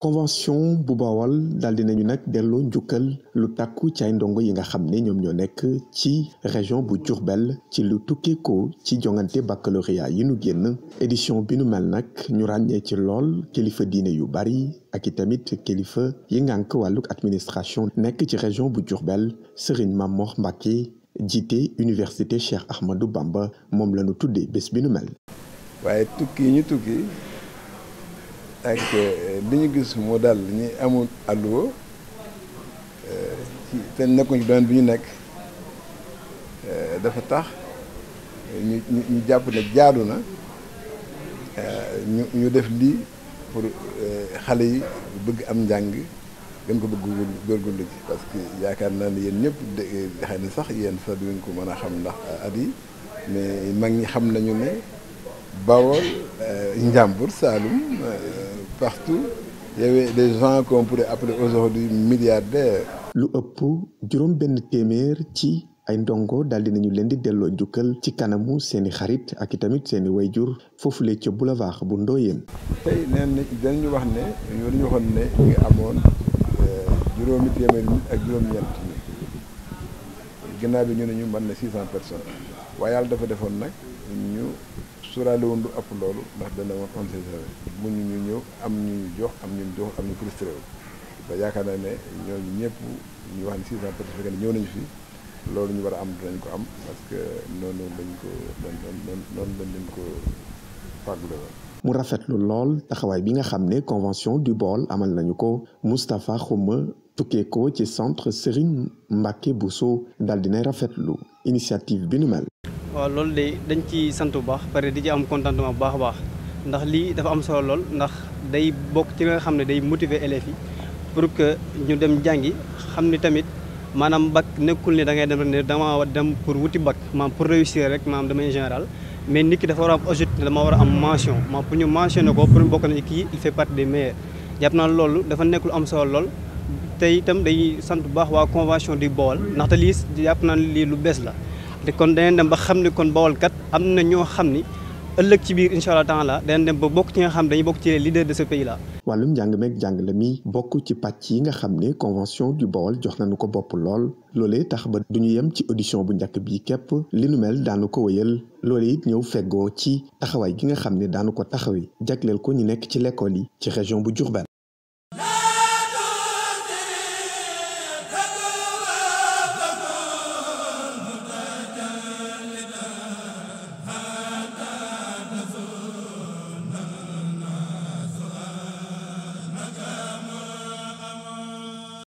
convention bu bawal daal nañu nag delloo njukkal lu takku ci ay ndongo yi nga xam ne ñoom ñoo nekk ci région bu Diourbel ci lu tukkee ci jongante baccalauréat yi nu génn édition bi mel nag ñu ràññee ci lool kilifa diine yu bari ak i tamit kilifa yi ngànk wàlluk administration nekk ci région bu Diourbel Serigne Mamor Mbacké jiite université Cheikh Ahmadou Bamba moom lanu ñu tuddee bés bi mel. ak euh, li ñu gis moo daal ñi amul alluwa euh, ci te nekkuñ ci doon bi ñu nekk euh, dafa tax ñu ñu jàpp ne jaadu na ñu ñu def lii pour xale yi bëgg am njàng gën ko bëgg góorgóorlu ji parce que yaakaar naa ne yéen ñëpp de xëy sax yéen sax du ngeen ko mën a xam ndax at mais mag ñi xam nañu ne Bawol Njàmbur Saalum partout il y avait des gens qu'on pourrait appeler aujourd'hui lu ëpp juróom benn téeméer ci ay ndongo daal di nañu leen di delloo njukkal ci kanamu seeni xarit ak i tamit seeni wayjur foofule ca boulevard bu Ndoyeen. tey neen na dañu wax ne ñu dañu waxoon ne ñu ngi amoon euh, ak juróom bi ñu ne ñu mën na 600 personnes waaye yàlla dafa defoon nag ñu. suraale woon lu ëpp loolu ndax dana woon on sait jamais mun ñu ñëw am ñu jox am ñu jox am ñu frustré wu ba yaakaar naa ne ñooñu ñëpp ñu wax ne six ñëw nañu fi loolu ñu war am dinañ ko am parce que noonu lañ ko noonu noonu lañ leen ko fàggule woon mu rafetlu lool taxawaay bi nga xam ne convention du bool amal nañu ko Moustapha Xuma tukkee ko ci centre Serigne bu Bousso dal dinay rafetlu initiative bi nu mel waaw loolu day dañ ci sant bu baax pare di ci am contentement bu baax baax ndax lii dafa am solo lool ndax day bokk ci nga xam ne day motiver élèves yi pour que ñu dem jàngi xam ni tamit maanaam bac nekkul ne da ngay dem rek ne dama war dem pour wuti bac maam pour réussir rek maam de manière mais nit ki dafa war a am objectif dama war a am mention pour ñu mentionné ko pour bokk nañu kii il fait partie des meilleurs jàpp naa loolu dafa nekk lu am solo lool tey itam day sant bu baax waa convention du Baol ndaxte lii jàpp naa lii lu bees la te kon danañ dem ba xam ne kon Bawol kat am na ñoo xam ni ëllëg ci biir incha allah taala danañ dem ba bokk ci nga xam dañuy bokk ci leader de ce pays la wàllum njàng meeg njàngale mi bokk ci pàcc yi nga xam ne convention du Bawol jox nañu ko bopp lool loolee tax ba du ñu yem ci audition bu njëkk bi képp li nu mel daanu ko wëyal loole yi ñëw fegoo ci taxawaay gi nga xam ne daanu ko taxawi jagleel ko ñu nekk ci lekkool yi ci région bu Diourbel.